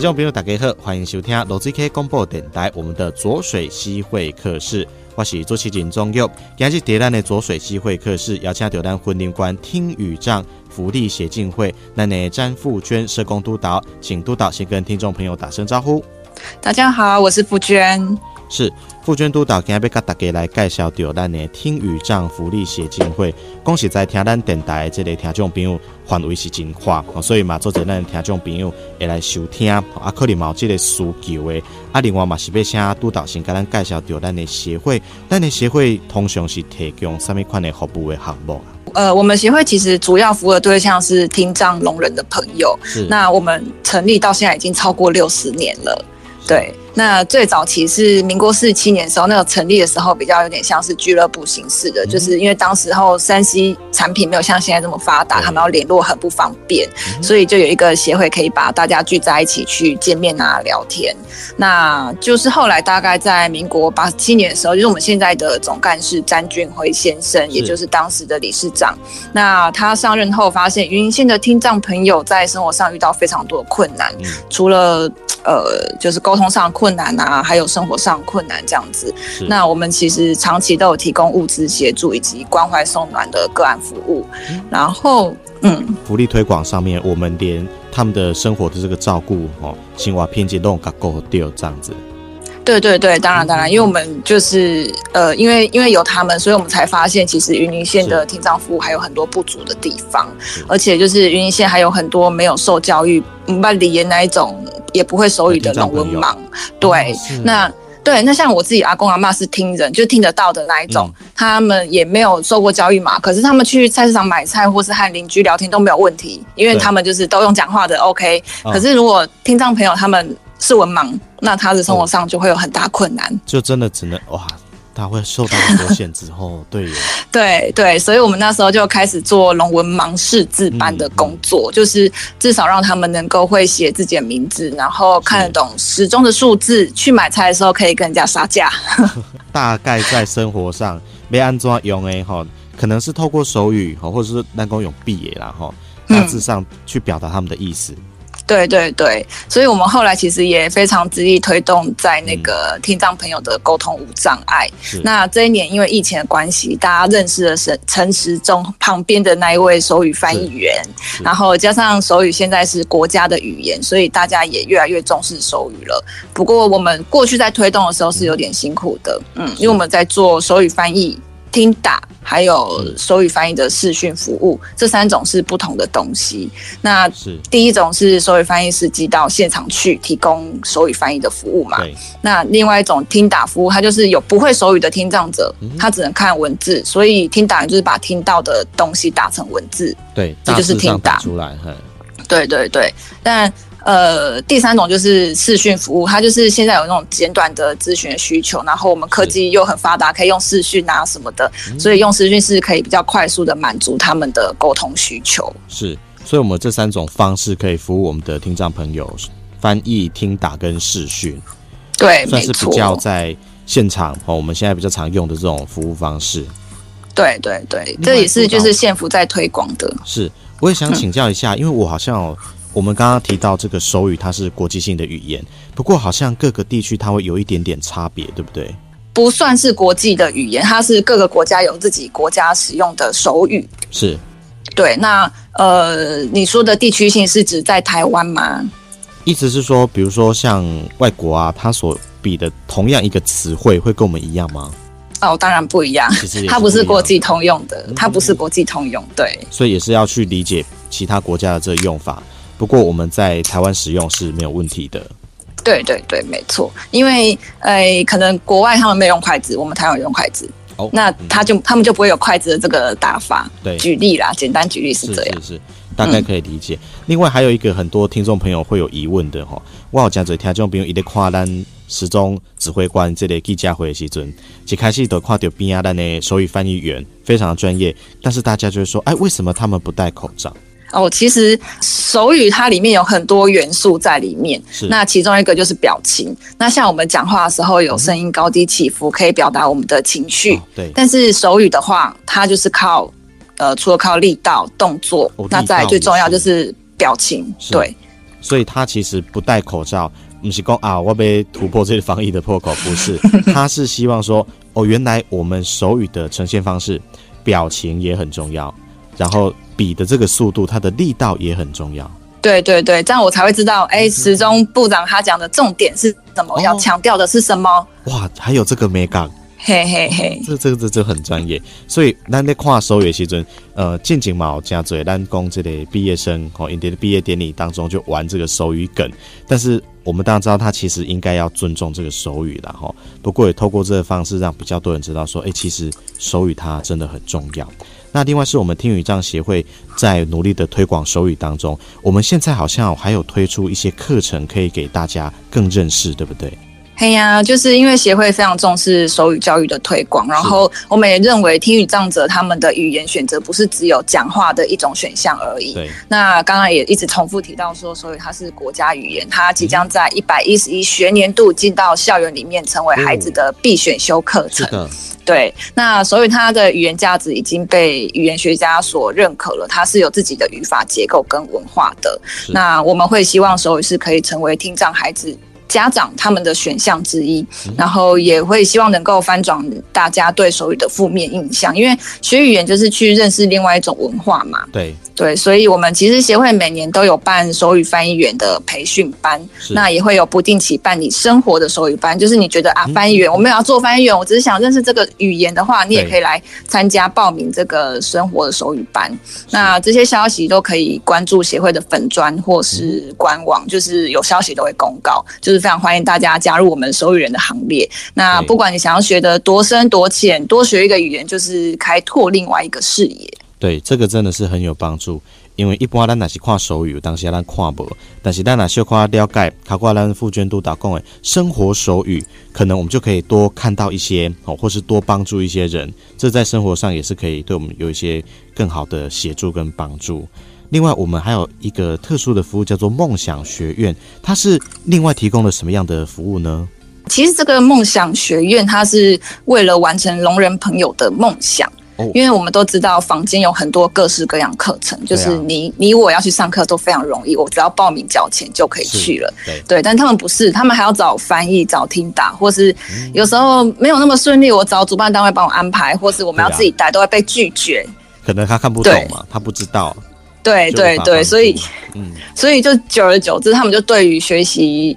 聽眾朋友大家好，歡迎收聽羅志 K 廣播電台我們的左水溪會客室，我是主持人中佑，今日在咱的左水溪會客室邀請到咱婚姻觀聽語障福利協進會內面詹富娟社工督導，請督導先跟聽眾朋友打聲招呼。大家好，我是富娟。是富娟督導，今日要甲大家來介紹到咱的聽語障福利協進會，講實在聽咱電台的這個聽眾朋友範圍是真闊，所以嘛，做陣咱聽眾朋友也來收聽，啊，可能有即個需求的，啊，另外嘛，是要請督導先甲咱介紹到咱的協會，咱的協會通常是提供啥物款的服務的項目。呃，我們協會其實主要服務對象是聽障聾人的朋友，是那我們成立到現在已經超過六十年了，對。那最早期是民國四十七年的時候，那個成立的時候比較有點像是俱樂部形式的，就是因為當時候 3C 產品沒有像現在這麼發達，他們要聯絡很不方便，所以就有一個協會可以把大家聚在一起去見面啊、聊天。那就是後來大概在民國八七年的時候，就是我們現在的總幹事詹俊輝先生，也就是當時的理事長。那他上任後發現，雲縣的聽障朋友在生活上遇到非常多的困難，除了呃，就是溝通上。困難啊，還有生活上困難這樣子。是那我們其實長期都有提供物資協助以及關懷送暖的個案服務。嗯、然後，嗯，福利推廣上面，我們連他們的生活的這個照顧哦，性化偏見都夠丟這樣子。對對對，當然當然，因為我們就是呃，因為因為有他們，所以我們才發現其實雲林縣的聽障服務還有很多不足的地方。是而且就是雲林縣還有很多沒有受教育、不，不理字那一種。也不會手語的那種文盲，對，哦、那對那像我自己阿公阿媽是聽人就聽得到的那一種，嗯、他們也沒有受過教育嘛，可是他們去菜市場買菜或是和鄰居聊天都沒有問題，因為他們就是都用講話的 OK 對。可是如果聽障朋友他們是文盲，嗯、那他的生活上就會有很大困難，就真的只能哇。他、啊、會受到很多限制哦， 對耶對對，所以我們那時候就開始做龍文盲識字班的工作，嗯嗯、就是至少讓他們能夠會寫自己的名字，然後看得懂時鐘的數字，是去買菜的時候可以跟人家殺價。大概在生活上沒安裝用誒哈，可能是透過手語哈，或者是單工用筆誒然後大致上去表達他們的意思。嗯對對對，所以我們後來其實也非常致力推動在那個聽障朋友的溝通無障礙。嗯、那這一年因為疫情的關係，大家認識了陳時中旁邊的那一位手語翻譯員，然後加上手語現在是國家的語言，所以大家也越來越重視手語了。不過我們過去在推動的時候是有點辛苦的，嗯，是因為我們在做手語翻譯。聽打還有手語翻譯的視訊服務，是這三種是不同的東西。那第一種是手語翻譯師到現場去提供手語翻譯的服務嘛？對那另外一種聽打服務，它就是有不會手語的聽障者，他、嗯、只能看文字，所以聽打就是把聽到的東西打成文字。對，這就是聽打,打出來。對，對，對。但呃，第三種就是視訊服務，它就是現在有那種簡短的諮詢需求，然後我們科技又很發達，是可以用視訊啊什麼的，嗯、所以用視訊是可以比較快速的滿足他們的溝通需求。是，所以我們這三種方式可以服務我們的聽障朋友，翻譯、聽打跟視訊。對，算是比較在現場，錯哦。我們現在比較常用的這種服務方式。對對對，這也是就是縣府在推廣的。是，我也想請教一下，哼因為我好像、哦。我們剛剛提到這個手語，它是國際性的語言，不過好像各個地區它會有一點點差別，對不對？不算是國際的語言，它是各個國家有自己國家使用的手語。是，對。那呃，你說的地區性是指在台灣嗎？意思是說，比如說像外國啊，它所比的同樣一個詞彙會跟我們一樣嗎？哦，當然不一樣。不一樣，它不是國際通用的，嗯，它不是國際通用，對。所以也是要去理解其他國家的這個用法。不過我們在台灣使用是沒有問題的。對對對，沒錯，因為呃，可能國外他們沒有用筷子，我們台灣用筷子，哦，那他就、嗯、他們就不會有筷子的這個打法。對，舉例啦，簡單舉例是這樣，是，是，是，大概可以理解。嗯、另外還有一個很多聽眾朋友會有疑問的哈，我有真儕聽眾朋友一直看咱時中指揮官這類記者會的時陣，一開始都看到邊啊，咱的手語翻譯員非常的專業，但是大家就會說，哎，為什麼他們不戴口罩？哦，其實手語它裡面有很多元素在裡面。是那其中一個就是表情。那像我們講話的時候有聲音高低起伏，可以表達我們的情緒。對、嗯哼。但是手語的話，它就是靠呃，除了靠力道動作，哦、那再最重要就是表情。是對。所以他其實不戴口罩，不是講啊我被突破這個防疫的破口，不是， 他是希望說哦，原來我們手語的呈現方式，表情也很重要。然後，筆的這個速度，它的力道也很重要。對對對，這樣我才會知道，哎，時中部長他講的重點是什麼，嗯、要強調的是什麼。哦、哇，還有這個沒講，嘿嘿嘿、哦，這、這、這、這很專業。所以，咱咧看手語的時陣呃，近景嘛，家嘴，咱講這類畢業生吼，一啲的畢業典禮當中就玩這個手語梗。但是，我們當然知道，他其實應該要尊重這個手語的吼、哦。不過，也透過這個方式，讓比較多人知道，說，哎，其實手語它真的很重要。那另外是我們聽語障協會在努力的推廣手語當中，我們現在好像還有推出一些課程，可以給大家更認識，對不對？嘿呀、啊，就是因為協會非常重視手語教育的推廣，然後我們也認為聽語障者他們的語言選擇不是只有講話的一種選項而已。對那剛剛也一直重複提到說，手語它是國家語言，它即將在一百一十一學年度進到校園裡面，成為孩子的必選修課程。哦對，那手語它的語言價值已經被語言學家所認可了，它是有自己的語法結構跟文化的。是那我們會希望，手語是可以成為聽障孩子，家長他們的選項之一，然後也會希望能夠翻轉大家對手語的負面印象，因為學語言就是去認識另外一種文化嘛。對對，所以我們其實協會每年都有辦手語翻譯員的培訓班，那也會有不定期辦你生活的手語班，就是你覺得啊，翻譯員我沒有要做翻譯員，我只是想認識這個語言的話，你也可以來參加報名這個生活的手語班。那這些消息都可以關注協會的粉專或是官網，就是有消息都會公告，就是。非常歡迎大家加入我們手語人的行列。那不管你想要學得多深多淺，對多學一個語言就是開拓另外一個視野。對，這個真的是很有幫助，因為一般咱那是跨手語，當時他看無，但是咱吶小看了解，考過咱富娟督導講的，生活手語可能我們就可以多看到一些哦，或是多幫助一些人。這在生活上也是可以對我們有一些更好的協助跟幫助。另外，我們還有一個特殊的服務，叫做夢想學院。它是另外提供了什麼樣的服務呢？其實這個夢想學院，它是為了完成聾人朋友的夢想。哦、因為我們都知道，坊間有很多各式各樣課程，就是你、啊、你我要去上課都非常容易，我只要報名交錢就可以去了。對對，但他們不是，他們還要找翻譯、找聽打，或是有時候沒有那麼順利，我找主辦單位幫我安排，或是我們要自己帶，都會被拒絕、啊。可能他看不懂嘛？對他不知道。對對對，對對對，所以，嗯、所以就久而久之，他們就對於學習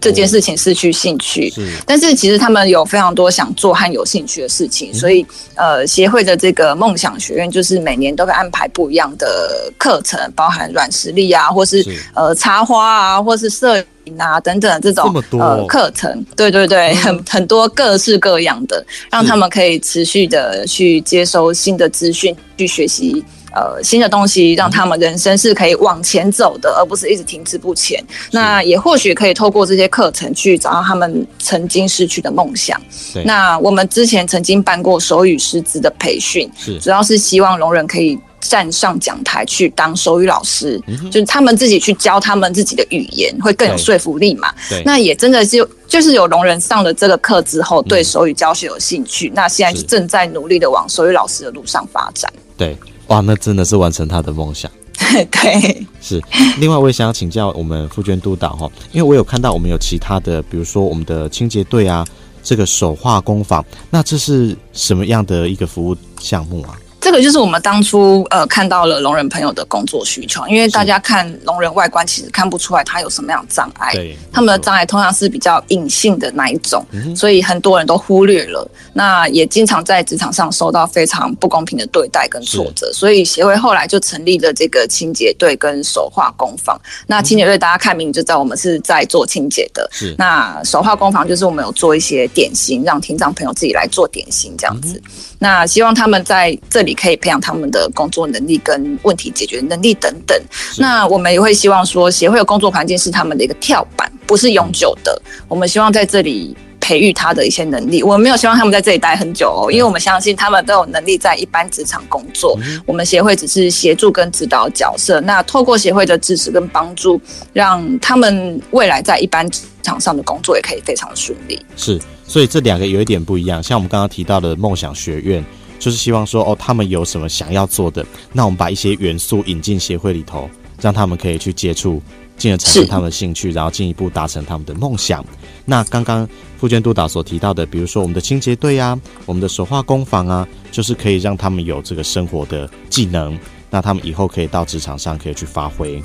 這件事情失去興趣。哦、是但是其實他們有非常多想做和有興趣的事情，嗯、所以呃，協會的這個夢想學院就是每年都會安排不一樣的課程，包含軟實力啊，或是，是呃插花啊，或是攝影啊等等這種這呃課程。對對對，嗯、很很多各式各樣的，讓他們可以持續的去接收新的資訊，去學習。呃，新的東西讓他們人生是可以往前走的，嗯、哼而不是一直停滯不前。是那也或許可以透過這些課程去找到他們曾經失去的夢想。對那我們之前曾經辦過手語師資的培訓，是主要是希望聾人可以站上講台去當手語老師，嗯、哼就是他們自己去教他們自己的語言，會更有說服力嘛。對那也真的是，就是有聾人上了這個課之後，對手語教學有興趣。嗯、那現在是正在努力的往手語老師的路上發展。對。哇，那真的是完成他的夢想。對，Okay. 是。另外，我也想要請教我們富娟督導哈，因為我有看到我們有其他的，比如說我們的清潔隊啊，這個手畫工坊，那這是什麼樣的一個服務項目啊？這個就是我們當初呃看到了聾人朋友的工作需求，因為大家看聾是人外觀其實看不出來他有什麼樣的障礙，對他們的障礙通常是比較隱性的那一種，嗯、哼所以很多人都忽略了。那也經常在職場上受到非常不公平的對待跟挫折，是所以協會後來就成立了這個清潔隊跟手畫工坊。嗯、哼那清潔隊大家看名字就知道我們是在做清潔的，是那手畫工坊就是我們有做一些點心，讓聽障朋友自己來做點心這樣子。嗯那希望他們在這裡可以培養他們的工作能力跟問題解決能力等等。是那我們也會希望說，協會的工作環境是他們的一個跳板，不是永久的。我們希望在這裡。培育他的一些能力，我們沒有希望他們在這裡待很久哦，因為我們相信，他們都有能力在一般職場工作。嗯、哼我們協會只是協助跟指導角色。那透過協會的支持跟幫助，讓他們未來在一般職場上的工作也可以非常的順利。是，所以這兩個有一點不一樣。像我們剛剛提到的夢想學院，就是希望說哦，他們有什麼想要做的，那我們把一些元素引進協會裡頭，讓他們可以去接觸，進而產生他們的興趣，是然後進一步達成他們的夢想。那剛剛。富娟督導所提到的，比如說我們的清潔隊啊，我們的手畫工坊啊，就是可以讓他們有這個生活的技能，那他們以後可以到職場上可以去發揮。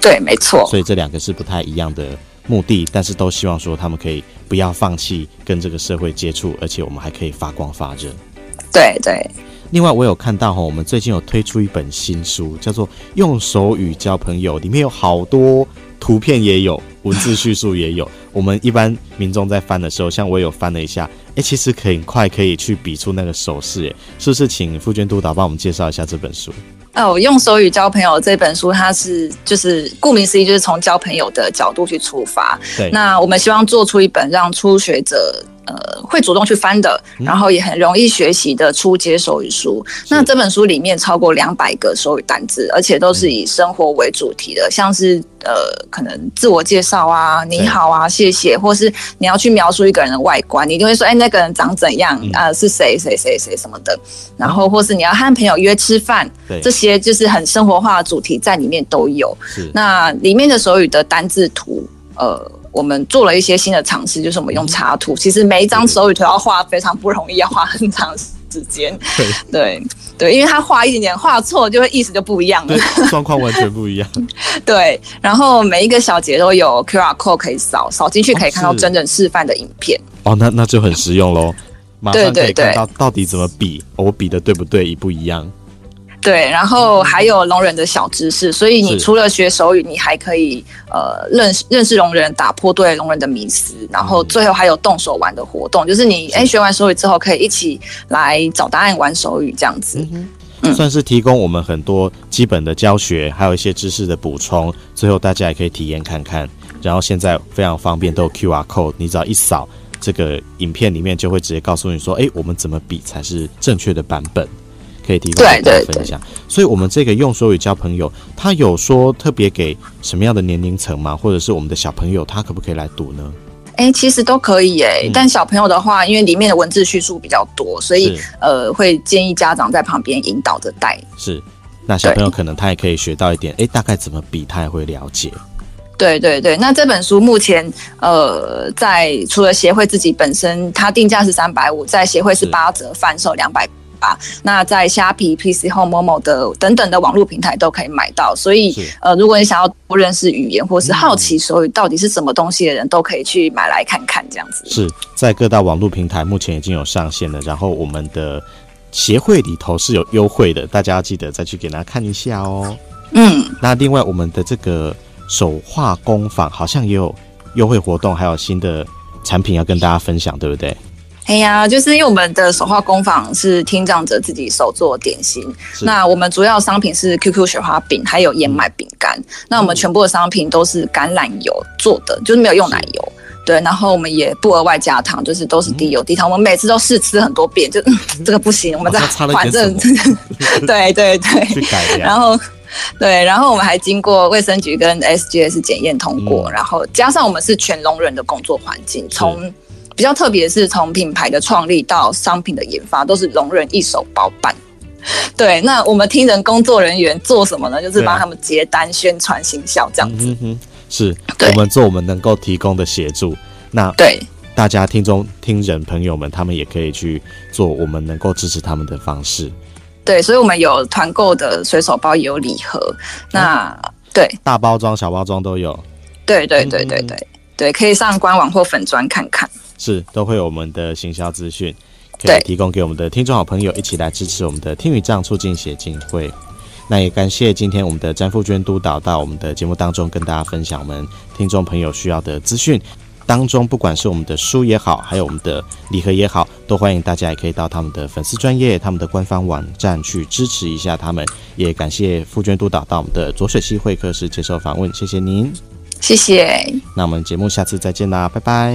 對，沒錯。所以這兩個是不太一樣的目的，但是都希望說他們可以不要放棄跟這個社會接觸，而且我們還可以發光發熱。對對。另外，我有看到哈，我們最近有推出一本新書，叫做《用手語交朋友》，裡面有好多。圖片也有，文字敘述也有。 我們一般民眾在翻的時候，像我有翻了一下，哎、欸，其實可以很快可以去比出那個手勢，哎，是不是？請富娟督導幫我們介紹一下這本書。哦、啊，用手語交朋友這本書，它是就是顧名思義，就是從交朋友的角度去出發。對，那我們希望做出一本讓初學者，呃，會主動去翻的，然後也很容易學習的初階手語書。嗯、那這本書裡面超過兩百個手語單字，是而且都是以生活為主題的，像是呃，可能自我介紹啊，對你好啊，謝謝，或是你要去描述一個人的外觀，你一定會說，哎、欸，那個人長怎樣啊、嗯呃，是誰誰誰誰什麼的，然後或是你要和朋友約吃飯，對這些就是很生活化的主題在裡面都有。是那裡面的手語的單字圖，呃。我們做了一些新的嘗試，就是我們用插圖。其實每一張手語圖要畫非常不容易，要花很長時間。對對對，因為他畫一點點畫錯，畫錯，就會意思就不一樣了，狀況完全不一樣。 對，然後每一個小節都有 QR code 可以掃，掃進去可以看到真人示範的影片。哦，哦，那那就很實用嘍，馬上可以看到到底怎麼比，對對對對，我比的對不對，一不一樣。對，然後還有聾人的小知識，所以你除了學手語，是你還可以呃認識認識聾人，打破對聾人的迷思，然後最後還有動手玩的活動，就是你哎是學完手語之後，可以一起來找答案玩手語這樣子。嗯哼就算是提供我們很多基本的教學，還有一些知識的補充，最後大家也可以體驗看看。然後現在非常方便，都有 QR code，你只要一掃這個影片裡面，就會直接告訴你說，哎，我們怎麼比才是正確的版本。可以提供給大家分享，所以我們這個用手語交朋友，他有說特別給什麼樣的年齡層嗎？或者是我們的小朋友，他可不可以來讀呢？哎、欸，其實都可以哎、欸，嗯、但小朋友的話，因為裡面的文字敘述比較多，所以是呃，會建議家長在旁邊引導着帶。是，那小朋友可能他也可以學到一點，哎對、欸，大概怎麼比，他也會了解。對對對，那這本書目前呃，在除了協會自己本身，它定價是三百五，在協會是八折，販是售兩百。啊、那在蝦皮、PC Home、Momo 的等等的網絡平台都可以買到，所以是呃，如果你想要不認識語言或是好奇，所以到底是什麼東西的人，都可以去買來看看這樣子。是，在各大網絡平台目前已經有上線了，然後我們的協會裡頭是有優惠的，大家要記得再去給大家看一下哦、喔。嗯，那另外我們的這個手畫工坊好像也有優惠活動，還有新的產品要跟大家分享，對不對？哎呀，就是因為我們的手畫工坊是聽障者自己手做點心。是那我們主要商品是 QQ 雪花餅，還有燕麥餅乾。嗯、那我們全部的商品都是橄欖油做的，就是沒有用奶油。是對，然後我們也不額外加糖，就是都是低油低糖。嗯、我們每次都試吃很多遍，就、嗯、 這個不行，我們再反正對對對。 良然後對，然後我們還經過衛生局跟 SGS 檢驗通過，嗯、然後加上我們是全聾人的工作環境，從。比較特別的是，從品牌的創立到商品的研發，都是聾人一手包辦。對，那我們聽人工作人員做什麼呢？啊、就是幫他們接單、宣傳、行銷這樣子。嗯哼、哼，是，對我們做我們能夠提供的協助。那對大家聽眾、聽人朋友們，他們也可以去做我們能夠支持他們的方式。對，所以我們有團購的水手包，也有禮盒。那、嗯、對大包裝、小包裝都有。對對對對對嗯嗯嗯對，可以上官網或粉專看看。是，都會有我們的行銷資訊可以提供給我們的聽眾好朋友對一起來支持我們的聽語障促進協進會。那也感謝今天我們的詹富娟督導到我們的節目當中跟大家分享我們聽眾朋友需要的資訊當中，不管是我們的書也好，還有我們的禮盒也好，都歡迎大家也可以到他們的粉絲專頁、他們的官方網站去支持一下他們。也感謝富娟督導到我們的左水溪會客室接受訪問，謝謝您，謝謝。那我們節目下次再見啦，拜拜。